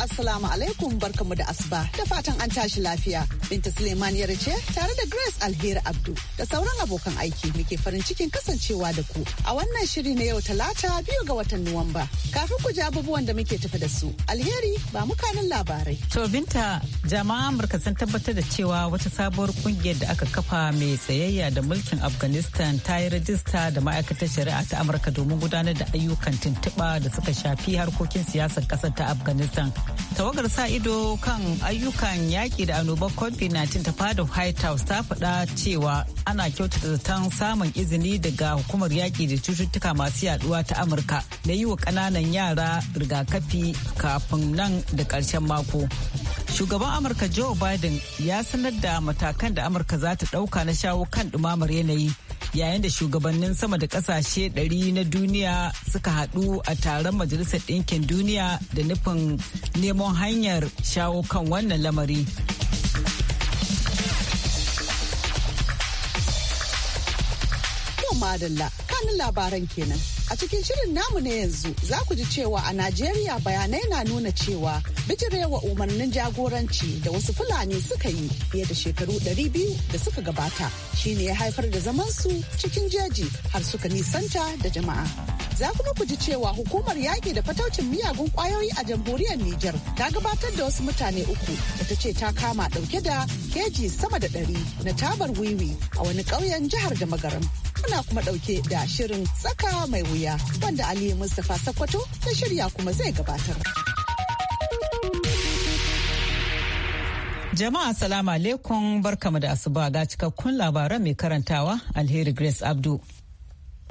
Assalamu alaikum barkamu da asuba da fatan an tashi lafiya. Binta Suleiman ce tare da Grace Alheri Abdu da sauran abokan aiki muke farin cikin kasancewa da ku a wannan shiri na yau talata biyu ga watan Nuwamba. Kafin ku ji abubuwan da muke tafi da su, Alheri ba mu mukanin labarai. To Binta, jama'a Amurka sun tabbatar da cewa wata sabuwar kungiyar da aka kafa mai tsayayya da mulkin Afghanistan ta yi rajista da ma'aikatar shari'a ta Amurka domin gudanar da ayyukan tuntuɓa da suka shafi harkokin siyasar ƙasar ta Afghanistan. tawagar sa ido kan ayyukan yaƙi da annobar covid-19 ta fada white house ta faɗa cewa ana kyautata zaton samun izini daga hukumar yaƙi da cututtuka masu yaduwa ta amurka da yi wa ƙananan yara rigakafi kafin nan da ƙarshen mako shugaban amurka joe biden ya sanar da matakan da amurka za ta ɗauka na shawo kan ɗumamar yanayi yayin da shugabannin sama da kasashe 100 na duniya suka haɗu a taron majalisar ɗinkin duniya da nufin neman hanyar shawo kan wannan lamari. Madalla kanin labaran kenan. A cikin shirin namu na yanzu za ku ji cewa a Najeriya bayanai na nuna cewa bijirewa umarnin jagoranci da wasu Fulani suka yi fiye da shekaru 200 da suka gabata shine ya haifar da zaman su cikin jeji har suka nisanta da jama'a. Za kuma ku ji cewa hukumar yaƙi da fataucin miyagun ƙwayoyi a jamhuriyar Nijar ta gabatar da wasu mutane uku da ta ce ta kama ɗauke da keji sama da ɗari na tabar wiwi a wani ƙauyen jihar da magaram. muna kuma ɗauke da shirin tsaka mai wuya wanda Ali Mustapha Sakwato ya shirya kuma zai gabatar. Jama'a salamu alaikum barkamu da asuba ga cikakkun labaran mai karantawa Alheri Grace Abdu.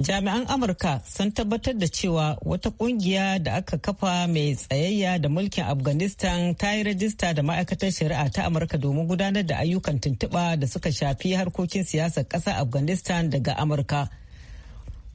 Jami'an Amurka sun tabbatar da cewa wata kungiya da aka kafa mai tsayayya da mulkin Afghanistan ta yi rajista da ma'aikatar shari'a ta Amurka domin gudanar da ayyukan tuntuɓa da suka shafi harkokin siyasar ƙasar Afghanistan daga Amurka.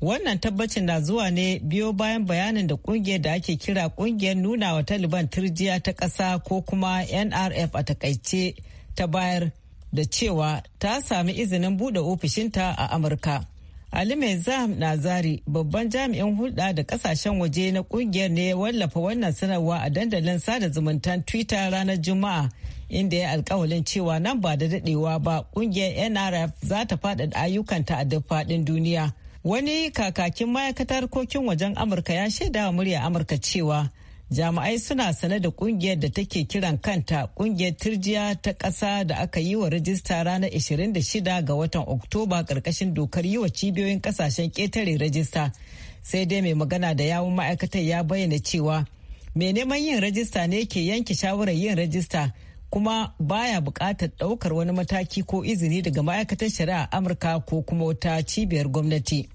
Wannan tabbacin na zuwa ne biyo bayan bayanin da kungiyar da ake kira kungiyar nuna wa Taliban turjiya ta ƙasa ko kuma NRF a takaice ta bayar da cewa ta sami izinin buɗe ofishinta a Amurka. Ali Mai Zaham Nazari babban jami'in hulɗa da kasashen waje na ƙungiyar ne ya wallafa wannan sanarwa a dandalin sada zumunta Twitter ranar Juma'a inda ya alkawalin cewa nan ba da daɗewa ba ƙungiyar NRF za ta faɗa ayyukanta a duk faɗin duniya. Wani kakakin ma'aikatar kokin wajen Amurka ya shaidawa murya Amurka cewa jami'ai suna sane da kungiyar da take kiran kanta kungiyar turjiya ta ƙasa da aka yi wa rajista ranar 26 ga watan oktoba ƙarƙashin dokar yi wa cibiyoyin ƙasashen ketare rajista sai dai mai magana da yawun ma'aikatar ya bayyana cewa mai neman yin rajista ne ke yanke shawarar yin rajista kuma baya bukatar ɗaukar wani mataki ko izini daga ma'aikatar shari'a amurka ko kuma wata cibiyar gwamnati.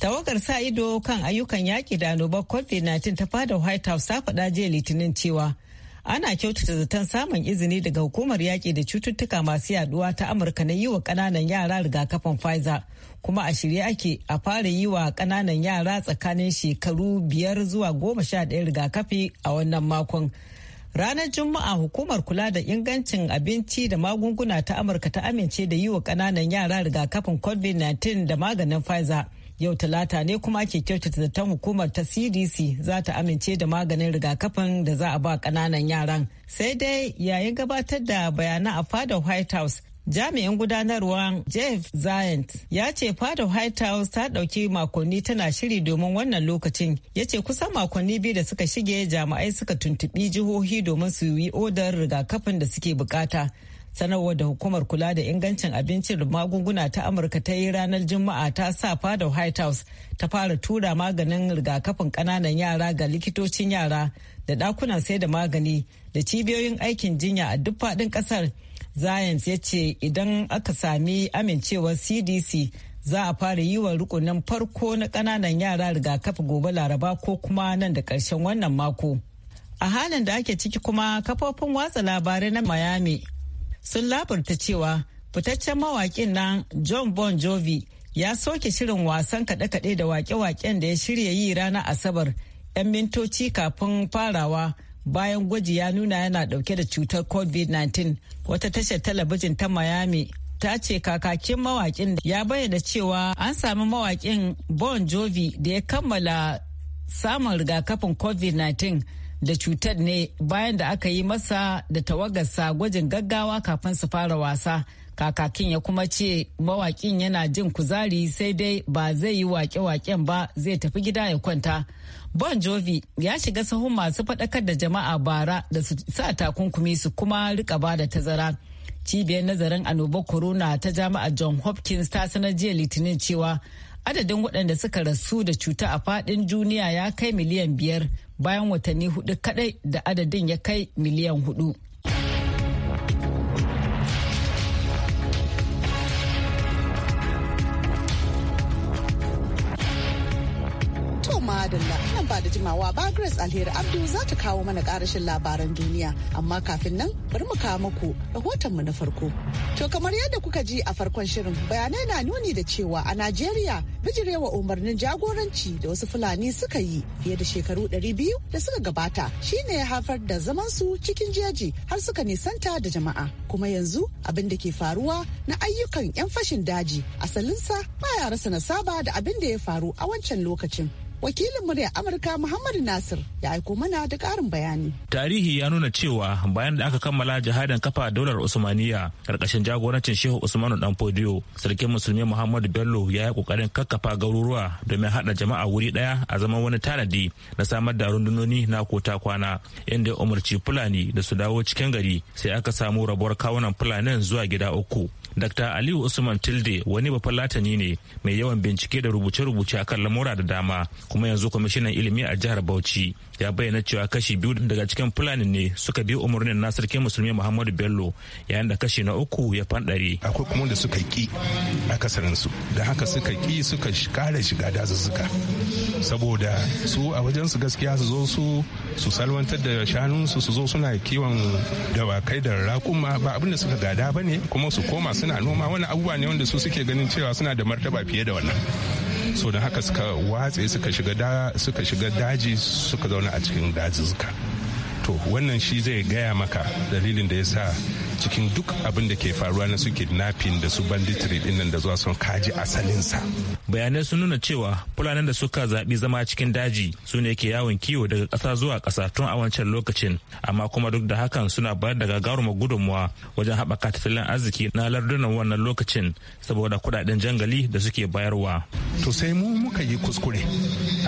Tawagar sa ido kan ayyukan yaƙi da annobar COVID-19 ta fada White House ta faɗa jiya Litinin cewa ana kyautata zaton samun izini daga hukumar yaƙi da cututtuka masu yaduwa ta amurka na yi wa ƙananan yara rigakafin pfizer kuma a shirye ake a fara yi wa ƙananan yara tsakanin shekaru biyar zuwa goma sha ɗaya rigakafi a wannan makon ranar juma'a hukumar kula da ingancin abinci da magunguna ta amurka ta amince da yi wa ƙananan yara rigakafin covid-19 da maganin pfizer yau talata ne kuma ake kyautata hukumar ta cdc za ta amince da maganin rigakafin da za a ba kananan yaran sai dai yayin gabatar da bayanan a fadar white house jami'in gudanarwa jeff zients ya ce fadar white house ta ɗauki makonni tana shiri domin wannan lokacin ya ce kusan makonni biyu da suka shige jami'ai suka tuntubi jihohi domin su yi odar rigakafin da suke bukata sanarwar da hukumar kula da ingancin abincin da magunguna ta amurka ta yi ranar juma'a ta sa fada white house ta fara tura maganin rigakafin kananan yara ga likitocin yara da dakunan sai da magani da cibiyoyin aikin jinya a duk faɗin ƙasar zayens ya ce idan aka sami amincewar cdc za a fara yi wa rukunin farko na kananan yara rigakafi gobe laraba ko kuma nan da karshen wannan mako a halin da ake ciki kuma kafofin watsa labarai na miami sun labarta cewa fitaccen mawaƙin nan John Bon Jovi ya soke shirin wasan kaɗe-kaɗe da waƙe-waƙen da ya shirya yi ranar Asabar 'yan mintoci kafin farawa bayan gwaji ya nuna yana ɗauke da cutar COVID-19 wata tashar talabijin ta Miami ta ce kakakin mawakin ya bayyana cewa an sami mawaƙin Bon Jovi da ya kammala samun rigakafin COVID-19 da cutar ne bayan da aka yi masa da tawagarsa gwajin gaggawa kafin su fara wasa kakakin ya kuma ce mawakin yana jin kuzari sai dai ba zai yi wake-waken ba zai tafi gida ya kwanta bon jovi ya shiga sahun masu fadakar da jama'a bara da su sa takunkumi su kuma rika ba da tazara cibiyar nazarin annobar corona ta jami'ar john hopkins ta sanar jiya litinin cewa adadin waɗanda suka rasu da cuta a faɗin duniya ya kai miliyan biyar bayan watanni hudu kadai da adadin ya kai miliyan hudu. Madalla. ba da jimawa ba Grace Alheri Abdu za ta kawo mana karashin labaran duniya. Amma kafin nan bari mu kawo muku mu na farko. To kamar yadda kuka ji a farkon shirin bayanai na nuni da cewa a Najeriya bijirewa umarnin jagoranci da wasu Fulani suka yi fiye da shekaru 200 da suka gabata shine ya haifar da zaman su cikin jeji har suka nisanta da jama'a. Kuma yanzu abin da ke faruwa na ayyukan 'yan fashin daji asalinsa ya rasa nasaba da abin da ya faru a wancan lokacin. wakilin murya amurka muhammad nasir ya aiko mana da karin bayani tarihi ya nuna cewa bayan da aka kammala jihadin kafa daular usmaniya karkashin jagorancin shehu usmanu dan fodiyo sarkin musulmi muhammadu bello ya yi kokarin kakkafa garuruwa domin hada jama'a wuri daya a zaman wani tanadi na samar da rundunoni na kota kwana inda ya umarci fulani da su dawo cikin gari sai aka samu rabuwar kawunan fulanin zuwa gida uku Dr. Aliyu Usman Tilde wani bafalatani ne mai yawan bincike da rubuce-rubuce akan lamura da dama kuma yanzu kwamishinan ilimi a jihar Bauchi ya bayyana cewa kashi biyu daga cikin fulani ne suka bi umarnin na sarkin musulmi muhammadu bello yayin da kashi na uku ya fandare akwai kuma da suka ki akasarinsu da haka suka ki suka kare shiga dazuzzuka saboda su a wajen su gaskiya su zo su su salwantar da shanunsu su zo suna kiwon dawakai da raƙuma ba abin da suka gada ba ne kuma su koma suna noma wani abubuwa ne wanda su suke ganin cewa suna da martaba fiye da wannan so da haka suka watse suka shiga suka shiga daji suka zauna a cikin dazuzzuka to wannan shi zai gaya maka dalilin da ya sa cikin duk abin da ke faruwa na su kidnapping da su banditry dinnan da zuwa sun kaji asalinsa. Bayanai sun nuna cewa fulanan da suka zaɓi zama cikin daji su ne ke yawon kiwo daga kasa zuwa kasa tun a wancan lokacin amma kuma duk da hakan suna bayar da gagarumar gudunmuwa wajen haɓaka tattalin arziki na lardunan wannan lokacin saboda kuɗaɗen jangali da suke bayarwa. To sai mu muka yi kuskure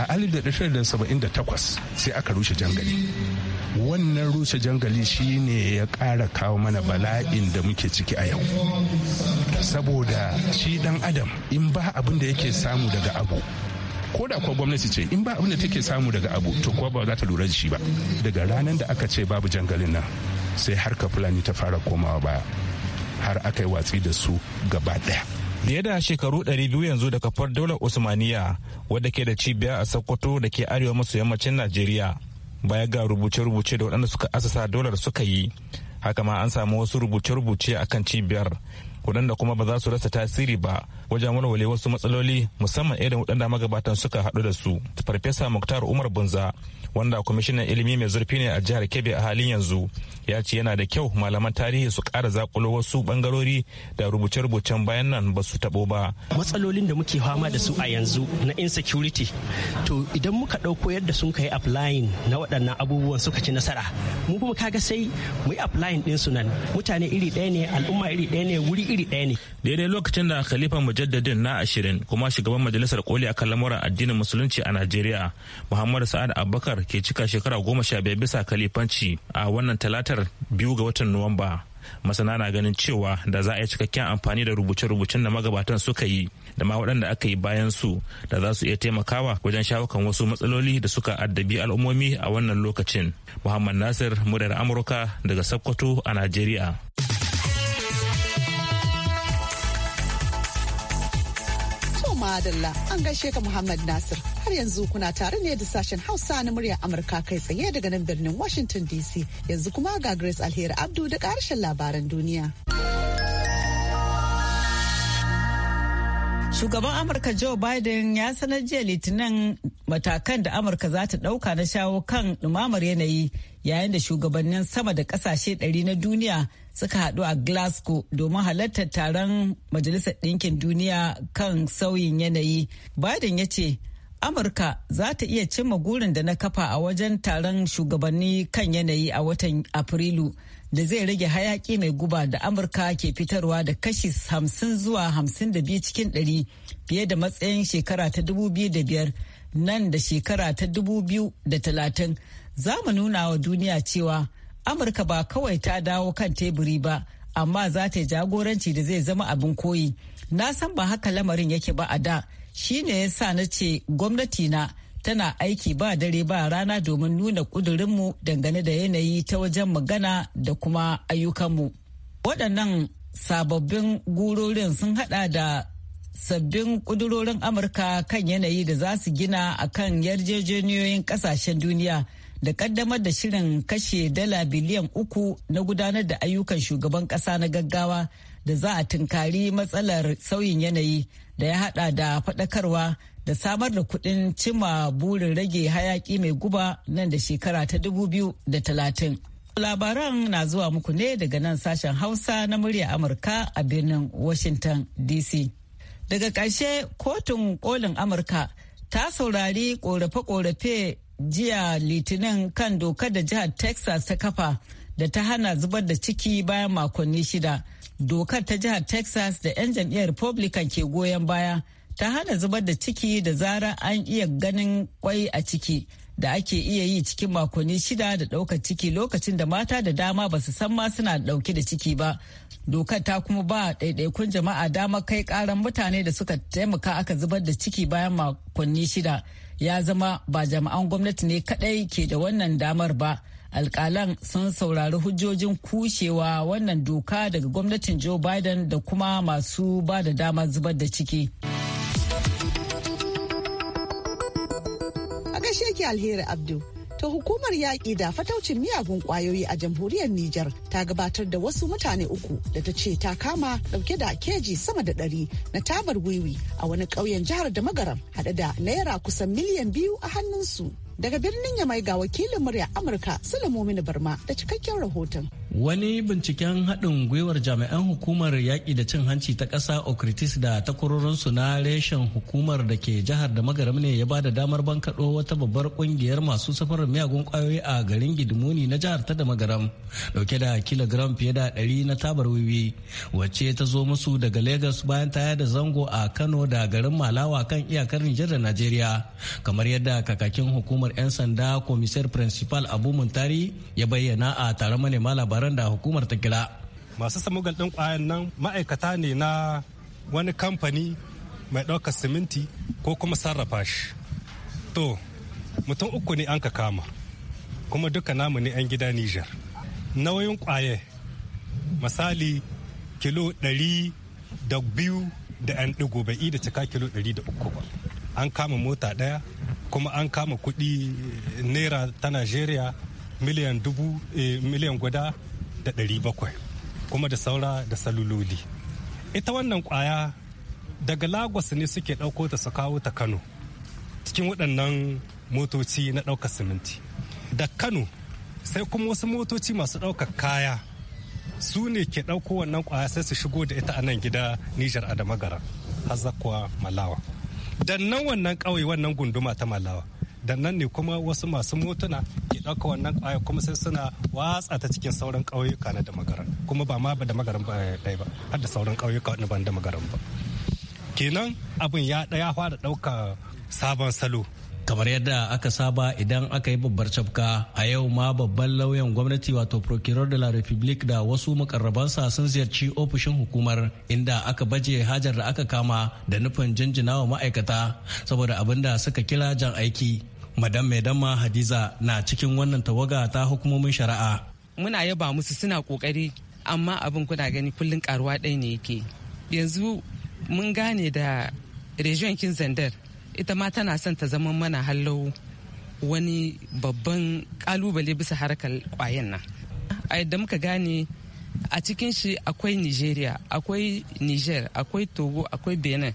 a 1978 sai aka rushe jangali. wannan rusa jangali shi ne ya kara kawo mana bala'in da muke ciki a yau saboda shi dan adam in ba abin da yake samu daga abu ko da kuwa gwamnati ce in ba abin da take samu daga abu to kuwa ba za ta lura da shi ba daga ranar da aka ce babu jangalin nan sai harka fulani ta fara komawa ba har aka yi watsi da su gaba daya fiye da shekaru ɗari biyu yanzu da kafar daular usmaniya wadda ke da cibiya a sokoto da ke arewa maso yammacin najeriya baya ga rubuce-rubuce da waɗanda suka asasa dolar suka yi haka ma an samu wasu rubuce-rubuce akan cibiyar waɗanda kuma ba za su rasa tasiri ba wajen warware wasu matsaloli musamman irin waɗanda magabatan suka haɗu da su farfesa muktar umar bunza wanda kwamishinan ilimi mai zurfi ne a jihar kebbi a halin yanzu ya ce yana da kyau malaman tarihi su ƙara zakulo wasu bangarori da rubuce-rubucen bayan nan ba su taɓo ba matsalolin da muke fama da su a yanzu na insecurity to idan muka ɗauko yadda sun kai applying na waɗannan abubuwan suka ci nasara mu kuma kaga sai mu yi applying su nan mutane iri ɗaya ne al'umma iri ɗaya ne wuri iri ɗaya ne daidai lokacin da khalifa mujahid mujaddadin na ashirin kuma shugaban majalisar koli akan lamuran addinin musulunci a najeriya muhammadu sa'ad abubakar ke cika shekara goma sha biyar bisa kalifanci a wannan talatar biyu ga watan nuwamba masana na ganin cewa da za a yi cikakken amfani da rubuce-rubucen da magabatan suka yi da ma waɗanda aka yi bayan su da za su iya taimakawa wajen shawo wasu matsaloli da suka addabi al'ummomi a wannan lokacin muhammad nasir muryar amurka daga sokoto a najeriya Madalla an gaishe ka Muhammad Nasir har yanzu kuna tare ne da sashen Hausa na murya Amurka kai tsaye daga nan birnin Washington DC yanzu kuma ga Grace Alheri Abdu da ƙarshen labaran duniya. Shugaban Amurka Joe Biden ya sanar jiya Litinin matakan da Amurka za ta ɗauka na shawo kan ɗumamar yanayi yayin da shugabannin sama da ƙasashe ɗari na duniya suka haɗu a Glasgow domin halartar taron Majalisar Ɗinkin Duniya kan sauyin yanayi. Biden ya ce, Amurka za ta iya cimma gurin da na kafa a wajen taron shugabanni kan yanayi a watan Afrilu da zai rage hayaki mai guba da Amurka ke fitarwa da kashi 50 zuwa 52 cikin 100 fiye da matsayin shekara ta 2005 nan da shekara ta 2030 za mu nuna wa duniya cewa Amurka ba kawai ta dawo kan teburi ba amma za ta jagoranci da zai zama abin koyi. Na san ba haka lamarin yake ba a da. shi ne ya sa na ce gwamnati na tana aiki ba dare ba rana domin nuna ƙudurinmu dangane da yanayi ta wajen magana da kuma ayyukanmu. Waɗannan sababbin gurorin sun haɗa da sabbin ƙudurorin Amurka kan yanayi da za su gina a kan yarjejeniyoyin ƙasashen duniya da ƙaddamar da shirin kashe dala biliyan uku na gudanar da ayyukan shugaban ƙasa na gaggawa da za a tunkari matsalar sauyin yanayi da ya hada da faɗakarwa da samar da kuɗin cima burin rage hayaƙi mai guba nan da shekara ta 2030. Labaran na zuwa muku ne daga nan sashen Hausa na murya Amurka a birnin Washington DC. Daga ƙarshe kotun kolin Amurka ta saurari ƙorafe-ƙorafe jiya litinin kan dokar da jihar Texas ta kafa da ta hana zubar da ciki bayan makonni shida. dokar ta jihar texas da 'yan jam'iyyar republican ke goyon baya ta hana zubar da ciki da zara an iya ganin kwai a ciki da ake iya yi cikin makonni shida da ɗaukar ciki lokacin da mata da dama ba su san ma suna ɗauke da ciki ba dokar ta kuma ba ɗaiɗaikun jama'a dama kai ƙaran mutane da suka taimaka aka zubar da ciki bayan makonni shida ya zama ba jama'an gwamnati ne kaɗai ke da wannan damar ba alkalan sun saurari hujjojin kushewa wannan doka daga gwamnatin joe biden da kuma masu ba da dama zubar da ciki a gashe ki alheri abdu ta hukumar yaƙi da fataucin miyagun ƙwayoyi a jamhuriyar Nijar ta gabatar da wasu mutane uku da ta ce ta kama ɗauke da keji sama da ɗari na tabar wiwi a wani ƙauyen jihar da magaram haɗe da naira kusan miliyan biyu a hannunsu. Daga birnin Yamai ga wakilin murya Amurka Sulemu Barma da cikakken rahoton. Wani binciken haɗin gwiwar jami'an hukumar yaƙi da cin hanci ta ƙasa Okritis da takwarorinsu na reshen hukumar da ke jihar da magaram ne ya bada damar bankaɗo wata babbar ƙungiyar masu safarar miyagun ƙwayoyi a garin Gidimuni na jihar ta da magaram ɗauke da kilogram fiye da ɗari na tabar wiwi wacce ta zo musu daga Legas bayan ta da zango a Kano da garin Malawa kan iyakar Nijar da Najeriya kamar yadda kakakin hukumar 'yan sanda komisar principal Abu Muntari ya bayyana a taron manema labarai da hukumar ta kira masu samugal ɗin ƙwayan nan ma'aikata ne na wani kamfani mai ɗaukar siminti ko kuma sarrafa shi to mutum uku ne an ka kama kuma duka namu ne 'yan gida nijar nauyin ƙwaye misali kilo ɗari da biyu da 'yan ɗigo bai da cika kilo ɗari da uku ba an kama mota ɗaya kuma an kama kuɗi eh, naira ta najeriya miliyan dubu eh, miliyan guda da ɗari bakwai kuma da saura da saluloli ita wannan kwaya daga lagos ne suke ɗauko ta su kawo ta kano cikin waɗannan motoci na ɗaukar siminti da kano sai kuma wasu motoci masu ɗaukar kaya su ne ke ɗauko wannan kwaya sai su shigo da ita a nan gida nijar adamagara hazakwa malawa dannan wannan ƙauye wannan gunduma ta malawa da nan ne kuma wasu masu motuna ke ɗauka wannan ƙwayar kuma sai suna watsa ta cikin sauran ƙauyuka na da kuma ba ma ba da magaran ba eh, ɗaya ba har da sauran ƙauyuka na ban da ba kenan abin ya ɗaya fara ɗauka sabon salo kamar yadda aka saba idan aka yi babbar cafka a yau ma babban lauyan gwamnati wato procureur de la republique da wasu makarrabansa sun ziyarci ofishin hukumar inda aka baje hajar da aka kama da nufin jinjina wa ma'aikata saboda abinda suka kira jan aiki madam mai hadiza na cikin wannan tawaga ta hukumomin shari'a muna yaba musu suna kokari amma abin kuna gani kullun karuwa ɗaya ne yake yanzu mun gane da region kin zandar ita ma tana son ta zama mana hallau wani babban kalubale bisa harkar kwayan nan a yadda muka gane a cikin shi akwai nigeria akwai niger akwai togo akwai benin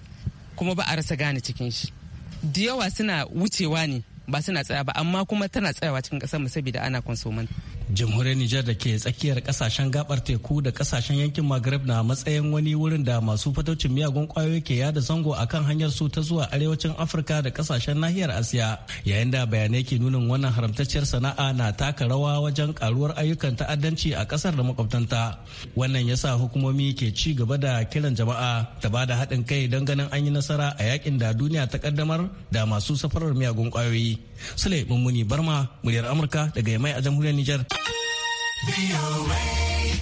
kuma ba a rasa gane cikin shi da yawa suna wucewa ne ba suna tsaya ba amma kuma tana tsayawa cikin kasar mu saboda ana consumer jamhuriyar nijar da ke tsakiyar kasashen gabar teku da kasashen yankin maghreb na matsayin wani wurin da masu fataucin miyagun kwayoyi ke yada zango a kan hanyar su ta zuwa arewacin afirka da kasashen nahiyar asiya yayin da bayanai ke nunin wannan haramtacciyar sana'a na taka rawa wajen karuwar ayyukan ta'addanci a kasar da makwabtanta wannan yasa hukumomi ke ci gaba da kiran jama'a da bada haɗin kai don ganin an yi nasara a yakin da duniya ta kaddamar da masu safarar miyagun kwayoyi sule mummuni barma muryar amurka daga yamai a jamhuriyar nijar Be away.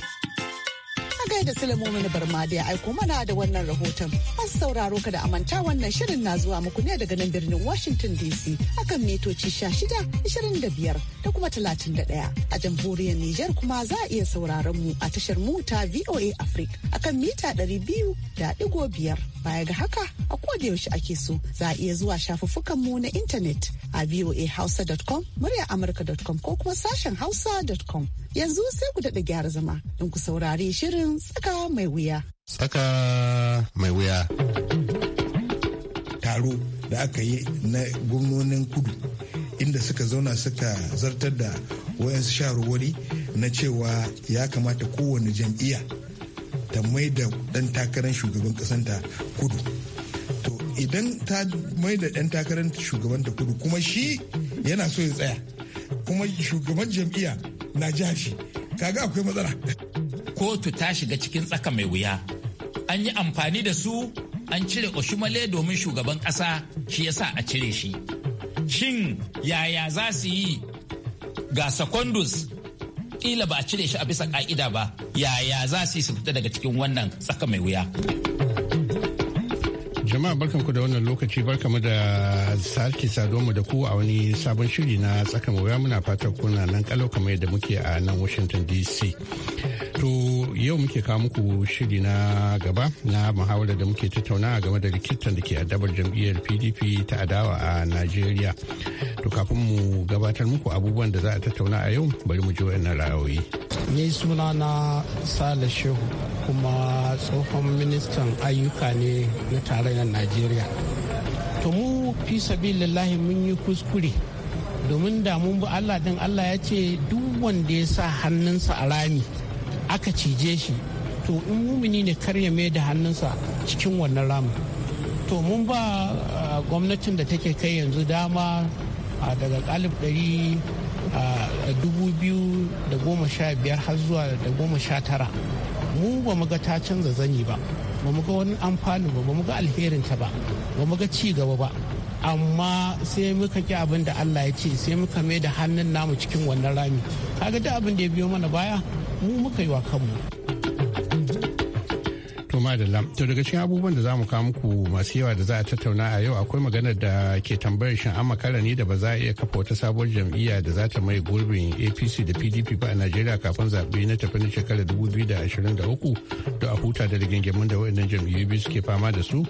da Sulemu mini barma da ya aiko mana da wannan rahoton. An sauraro ka da amanta wannan shirin na zuwa muku ne daga nan birnin Washington DC akan mitoci 16, 25 da kuma 31. A jamhuriyar Nijar kuma za a iya sauraron mu a tashar mu ta VOA Africa akan mita 200.5. Baya ga haka a koda yaushe ake so za a iya zuwa shafuffukan mu na intanet a voahausa.com, muryar amurka.com ko kuma sashen hausa.com. Yanzu sai ku daɗa gyara zama in ku saurari shirin tsaka mai wuya. Tsaka mai wuya. Taro da aka yi na gwamnonin kudu inda suka zauna suka zartar da wayansu shawarwari na cewa ya kamata kowane jam'iyya ta mai da ɗan takarar shugaban ƙasanta kudu. To idan ta mai da ɗan takarar shugaban ta kudu kuma shi yana so ya tsaya kuma shugaban jam'iyya na jihar shi kaga akwai matsala. kotu ta shiga cikin tsaka mai wuya an yi amfani da su an cire oshimale domin shugaban ƙasa shi yasa a cire shi shin yaya za su yi ga secondus kila ba a cire shi a bisa ka'ida ba yaya za su yi su fita daga cikin wannan tsaka mai wuya jama'a barkanku da wannan lokaci barkamu da sake mu da ku a wani sabon shiri na tsaka mai wuya muna fatar kuna nan kalau kamar yadda muke a nan washington dc to yau muke kawo muku shiri na gaba na muhawarar da muke tattauna game da rikitan da ke addabar jam'iyyar pdp ta adawa a najeriya to kafin mu gabatar muku abubuwan da za a tattauna a yau bari mu ji na ra'ayoyi ni suna na sale shehu kuma tsohon ministan ayyuka ne na tarayyar najeriya to mu fi sabilillahi mun yi kuskure domin da mun bi allah din allah ya ce duk wanda ya sa hannunsa a rami aka cije shi to in mumini ne kar ya mai da hannunsa cikin wannan ramin to mun ba gwamnatin da take kai yanzu dama daga kalib ɗari dubu da goma sha biyar har zuwa da goma sha tara mu ba mu ga ta canza zani ba ba mu ga wani amfani ba ba mu ga alherinta ba ba mu ga ci gaba ba amma sai muka ki abin da allah ya ce sai muka mai da hannun namu cikin wannan rami kaga duk abin da ya biyo mana baya mu muka yi wa kanmu to daga cikin abubuwan da za mu kawo muku masu yawa da za a tattauna a yau akwai maganar da ke tambayar shin an makara ne da ba za a iya kafa wata sabuwar jam'iyya da za ta mai gurbin apc da pdp ba a najeriya kafin zaɓe na tafi na shekarar 2023 da da a huta da rigingimun da waɗannan jam'iyyu biyu suke fama da su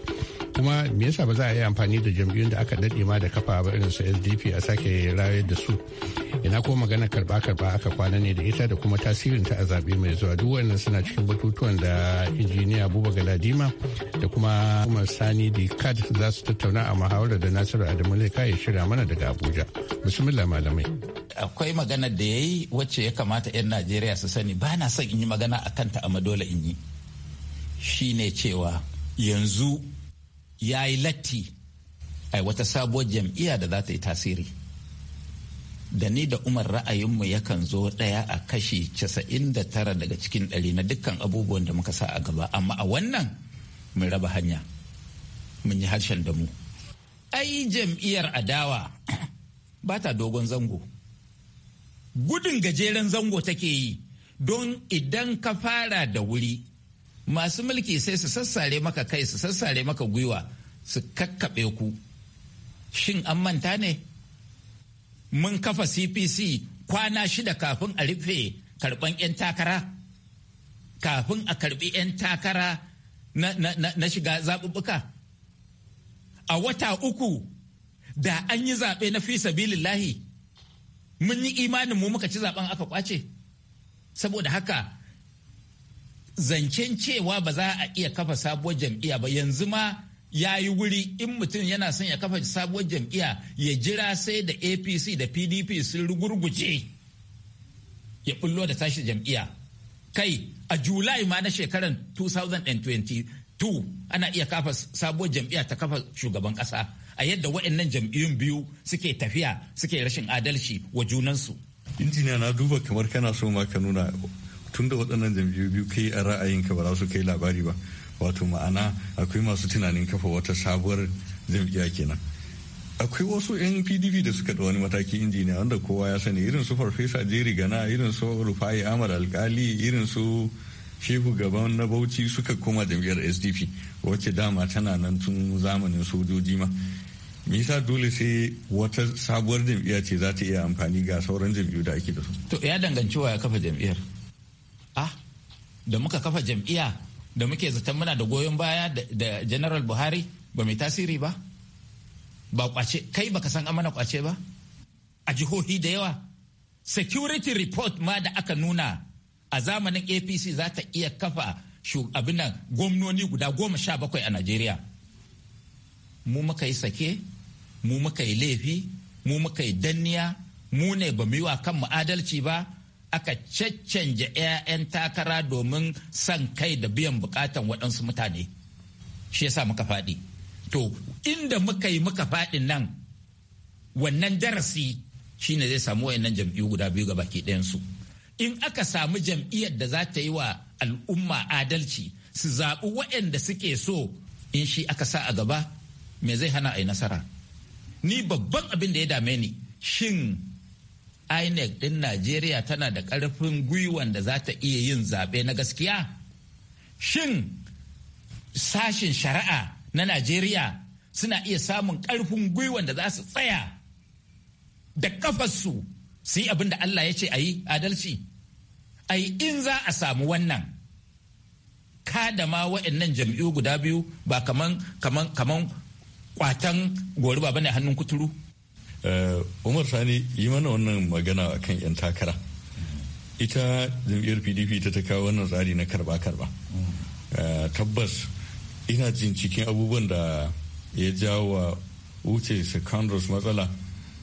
kuma me yasa ba za a iya amfani da jam'iyyun da aka daɗe ma da kafa ba irin su sdp a sake rayar da su ina ko magana karba karba aka kwana ne da ita da kuma tasirinta a zaɓe mai zuwa duk wannan suna cikin batutuwan da injiniya buba galadima da kuma umar sani di kad za su tattauna a muhawarar da nasiru adamu laika ya shirya mana daga abuja bismillah malamai akwai magana da ya yi wacce ya kamata 'yan najeriya su sani ba na son in yi magana a kanta amma dole in yi shine cewa yanzu Yayi latti ai wata sabuwar jam'iyya da za ta yi tasiri da ni da umar ra'ayinmu yakan zo ɗaya a kashi 99 daga cikin ɗari na dukkan abubuwan da muka sa a gaba amma a wannan mun raba hanya mun yi harshen da mu ai jam'iyyar adawa ba ta dogon zango gudun gajeren zango take yi don idan ka fara da wuri masu mulki sai su sassare maka kai su sassare maka gwiwa su kakkaɓe ku shin an manta ne mun kafa cpc kwana shida kafin a rufe karɓan 'yan takara kafin a karɓi 'yan takara na, shiga zaɓuɓɓuka a wata uku da an yi zaɓe na fi sabilillahi mun yi imanin mu muka ci zaɓen aka kwace saboda haka zancen cewa ba za a iya kafa sabuwar jam'iyya ba yanzu ma ya yi wuri in mutum yana son ya kafa sabuwar jam'iyya ya jira sai da apc da pdp sun rugurguje ya bullo da tashi jam'iyya kai a julai ma na shekarar 2022 ana iya kafa sabuwar jam'iyya ta kafa shugaban kasa a yadda waɗannan jam'iyyun biyu suke tafiya suke rashin adalci wa junansu injiniya na duba kamar kana so ma ka nuna tunda waɗannan jam'iyyu biyu kai a ra'ayinka ba za su kai labari ba wato ma'ana akwai masu tunanin kafa wata sabuwar jam'iyya kenan akwai wasu yan pdp da suka da wani mataki injiniya wanda kowa ya sani irin su farfesa jeri gana irin su rufai ahmad alkali irin su shehu gaban na bauchi suka koma jam'iyyar sdp wacce dama tana nan tun zamanin sojoji ma me yasa dole sai wata sabuwar jam'iyya ce za ta iya amfani ga sauran jam'iyyu da ake da su to ya danganci wa ya kafa jam'iyyar ah da muka kafa jam'iyya da muke zaton muna da goyon baya da general buhari ba mai tasiri ba ba kwace kai baka san amana kwace ba a jihohi da yawa security report ma da aka nuna a zamanin apc za ta iya kafa abin nan gwamnoni guda goma sha bakwai a najeriya mu muka yi sake mu muka yi laifi mu muka yi danniya mu ne ba mu yi wa kanmu adalci ba aka caccanja 'ya'yan takara domin san kai da biyan bukatan waɗansu mutane shi yasa muka faɗi to inda muka yi muka faɗi nan wannan darasi shine zai samu wayannan jam'iyyu guda biyu ga baki ɗayansu in aka samu jam'iyyar da za ta yi wa al'umma adalci su zaɓi waɗanda suke so in shi aka sa a gaba me zai hana a yi nasara ni babban abin da ya dame ni shin inec ɗin najeriya tana da ƙarfin gwiwan da za ta iya yin zaɓe na gaskiya shin sashin shari'a na najeriya suna iya samun ƙarfin gwiwan da za su tsaya da kafarsu su yi abin da allah ya ce a yi adalci a yi in za a samu wannan kada ma waɗannan jam'iyyu guda biyu ba kaman kwatan goruba ba bane hannun kuturu Eh, umar sani yi mana wannan magana a kan 'yan takara ita jam'iyyar pdp ta ta kawo wannan tsari na karba-karba eh, tabbas ina jin cikin abubuwan da ya jawo wa wuce secondaries matsala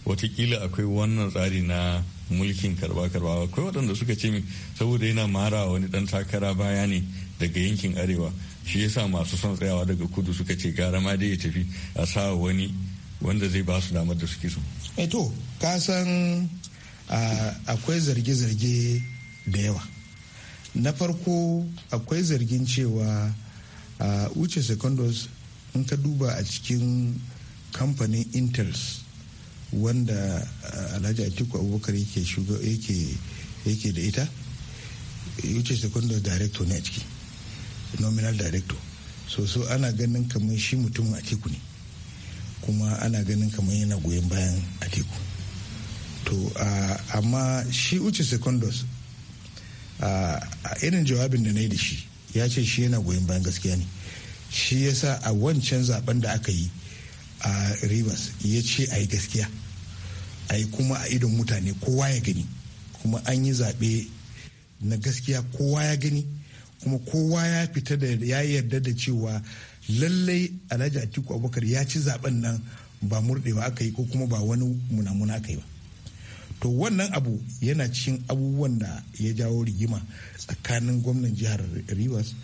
watakila akwai wannan tsari na mulkin karba-karba akwai waɗanda suka ce min saboda yana mara wani ɗan takara baya ne daga yankin arewa shi yasa masu son tsayawa daga kudu suka ce gara ma dai ya tafi a sa wani wanda zai ba su damar da suke so. E to, ka san akwai zarge-zarge da yawa. Na farko akwai zargin cewa wuce secondos in ka duba a cikin kamfanin intels wanda alhaji atiku abubakar yake da ita wuce secondos director ne a ciki nominal director so so ana ganin kamar shi mutumin atiku ne kuma ana ganin kamar yana goyon bayan atiku to amma shi uche secondos a irin jawabin da na yi da shi ya ce shi yana goyon bayan gaskiya ne shi ya sa a wancan zaben da aka yi a rivers ya ce a yi gaskiya a yi kuma a idon mutane kowa ya gani kuma an yi zaɓe na gaskiya kowa ya gani kuma kowa ya fita da ya yarda da cewa lallai alhaji atiku abubakar ya ci zaben nan ba murɗewa aka yi ko kuma ba wani munamuna aka yi ba to wannan abu yana cikin abubuwan da ya jawo rigima tsakanin gwamnan jihar rivers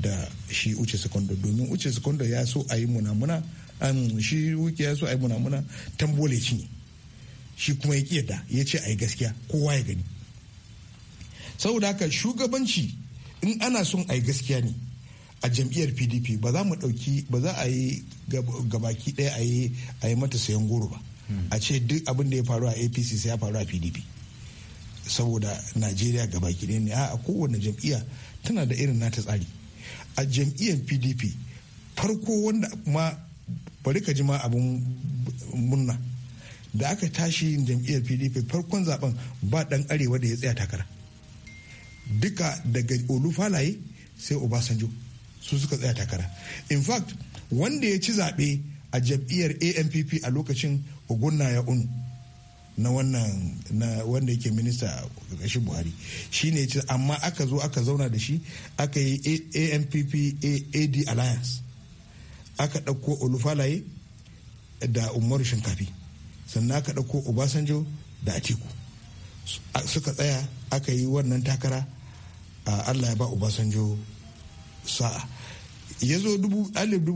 da shi uce sekondo domin uce sekondo ya so a yi munamuna shi wuke ya so a yi munamuna tambole shi ne shi kuma ya kiyata ya ce a yi gaskiya kowa ya gani saboda haka shugabanci in ana son a yi gaskiya ne a jam'iyyar pdp ba za mu ɗauki ba za a yi gabaki ɗaya a yi mata sayan goro ba a ce duk abin da ya faru a apc sai ya faru a pdp saboda najeriya gabaki daya ne a kowane jam'iyya tana da irin nata tsari a jam'iyyar pdp farko wanda ma bari ka ji ma abin murna da aka tashi jam'iyyar pdp farkon zaben ba ɗan arewa da ya tsaya takara duka daga olufalaye sai obasanjo su suka tsaya takara in fact wanda ya ci zaɓe a jam'iyyar ampp a lokacin ogunna ya unu na wannan na wanda yake minista ƙarƙashin buhari shi ne ci amma aka zo aka zauna da shi aka yi ampp ad alliance aka ɗauko olufalaye da umaru shinkafi sannan aka ɗauko obasanjo da atiku suka tsaya aka yi wannan takara allah ya ba obasanjo sa'a ya zo alif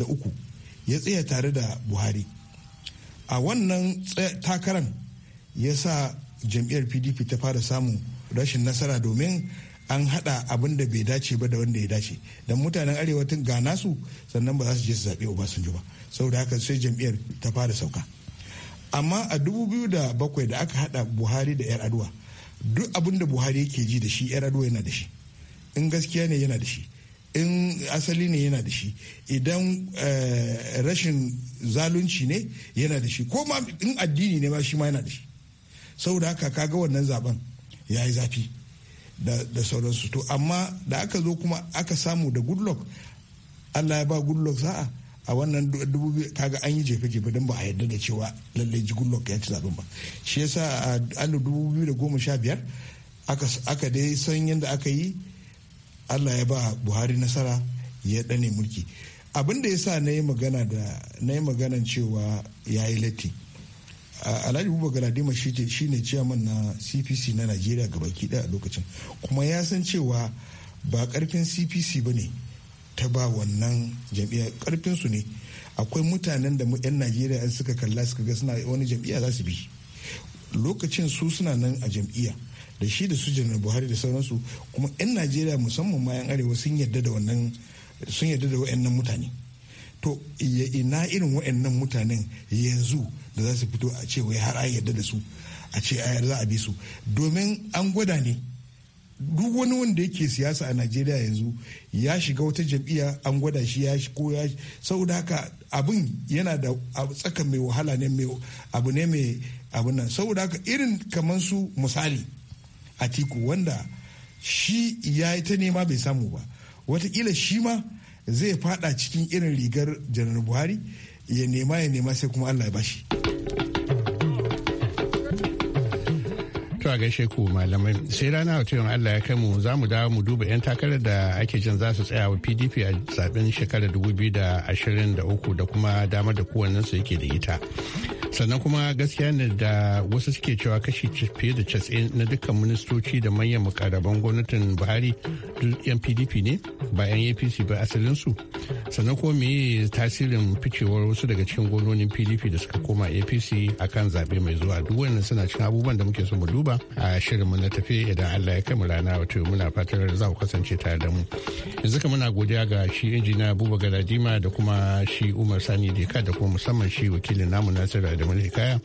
uku ya tsaya tare da buhari a wannan takaran ya sa jam'iyyar pdp ta fara samun rashin nasara domin an hada abin da bai dace ba da wanda ya dace don mutanen arewa tun ga nasu sannan ba za su je su zaɓi obasanjo ba saboda haka sai jam'iyyar ta fara sauka amma a 2007 da aka hada buhari da yar aduwa duk abin da buhari yake ji da shi yar aduwa yana da shi in gaskiya ne yana da shi in asali ne yana da shi idan eh, rashin zalunci ne yana da shi ko ma in addini ne ma shi ma yana da shi saboda haka kaga wannan zaben ya yi zafi da sauransu to amma da aka zo kuma aka samu da goodluck allah ya ba goodluck sa'a a wannan dubu kaga an yi jefe-jefe don ba a yarda da cewa lallai ji goodluck ya ci zaben ba shi yasa a 2015 dubu biyu aka dai san yadda aka yi allah ya ba buhari nasara ya ɗane mulki abin da ya sa na yi magana da na yi maganan cewa ya yi latti alhaji buba galadima shi ne ciyaman na cpc na najeriya gabaki ɗaya a lokacin kuma ya san cewa ba ƙarfin cpc ba ne ta ba wannan jam'iyya ƙarfinsu ne akwai mutanen da yan najeriya suka kalla suka ga suna wani jam'iyya za su bi lokacin su suna nan a jam'iyya da shi da su janar buhari da sauransu kuma 'yan najeriya musamman ma 'yan arewa sun yarda da wannan wa'annan mutane to ya ina irin wa'annan mutanen yanzu da za su fito a ce wai har an yarda da su a ce ayar za a bi su domin an gwada ne duk wani wanda yake siyasa a najeriya yanzu ya shiga wata jam'iyya an gwada shi ya ko ya saboda haka abin yana da tsaka mai wahala ne mai abu ne mai abu nan saboda haka irin kamar su misali atiku wanda shi ya yi ta nema bai samu ba watakila shi ma zai fada cikin irin rigar janar buhari ya nema ya nema sai kuma allah ya bashi to a gaishe ku malamai sai rana a cewa allah ya kai mu za mu dawo mu duba 'yan takarar da ake jin za su tsaya wa pdp a zaben shekarar 2023 da kuma damar da kowannensu yake da ita sannan kuma gaskiya ne da wasu suke cewa kashi fiye da casa'in na dukkan ministoci da manyan mukarraban gwamnatin buhari yan pdp ne ba yan apc ba asalinsu sannan ko meye tasirin ficewar wasu daga cikin gononin pdp da suka koma apc akan zaɓe mai zuwa duk wannan suna cikin abubuwan da muke so mu duba a shirinmu na tafi idan allah ya kaimu rana wato muna fatar za ku kasance tare da mu yanzu ka muna godiya ga shi injina buba galadima da kuma shi umar sani deka da kuma musamman shi wakilin namu nasir da hikaya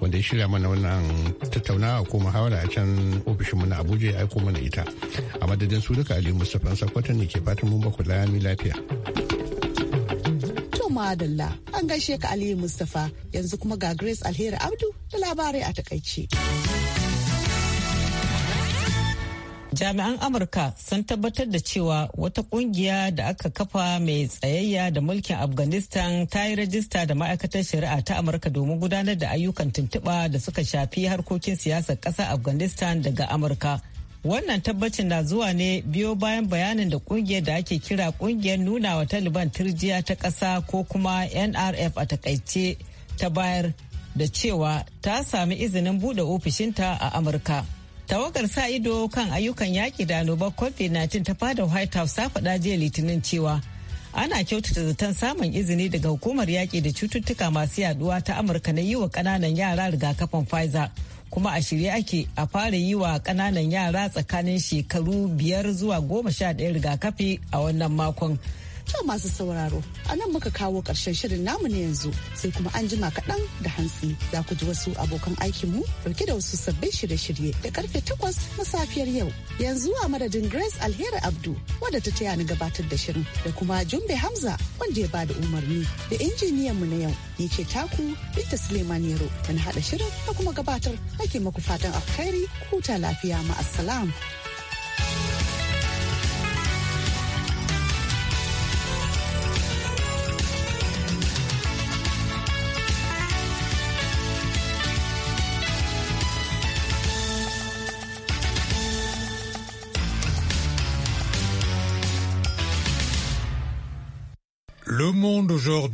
wanda ya shirya mana wannan tattaunawa ko muhawara a can ofishinmu na abuja ya aiko mana ita a madadin su duka Ali Mustapha Sokoto ne ke fatan mun baku lami lafiya. To madalla an gaishe ka Aliyu Mustapha yanzu kuma ga Grace Alheri Abdu da labarai a takaice. jami'an amurka sun tabbatar da cewa wata kungiya da aka kafa mai tsayayya da mulkin afghanistan ta yi rajista da ma'aikatar shari'a ta amurka domin gudanar da ayyukan tuntuɓa da suka shafi harkokin siyasar ƙasar afghanistan daga amurka Wannan tabbacin na zuwa ne biyo bayan bayanin da kungiyar da ake kira kungiyar nuna wa Taliban turjiya ta ƙasa ko kuma NRF a takaice ta bayar da cewa ta sami izinin buɗe ofishinta a Amurka. Tawagar sa ido kan ayyukan yaƙi da annobar COVID-19 ta fada White House ta faɗa jiya Litinin cewa ana kyautata zaton samun izini daga hukumar yaƙi da cututtuka masu yaduwa ta Amurka na yi wa ƙananan yara rigakafin Pfizer. kuma a shirye ake a fara yi wa kananan yara tsakanin shekaru biyar zuwa goma sha ɗaya rigakafi a wannan makon. To masu sauraro, a nan muka kawo ƙarshen shirin namu na yanzu sai kuma an jima kaɗan da hantsi za ku ji wasu abokan aikinmu ɗauke da wasu sabbin shirye-shirye da karfe takwas na safiyar yau. Yanzu a madadin Grace Alheri Abdu wadda ta taya ni gabatar da shirin da kuma Jumbe Hamza wanda ya bada umarni da injiniyan mu na yau. Ni ce taku Binta Suleiman Yero da na haɗa shirin da kuma gabatar ake maku fatan alkhairi huta lafiya ma'assalam. aujourd'hui.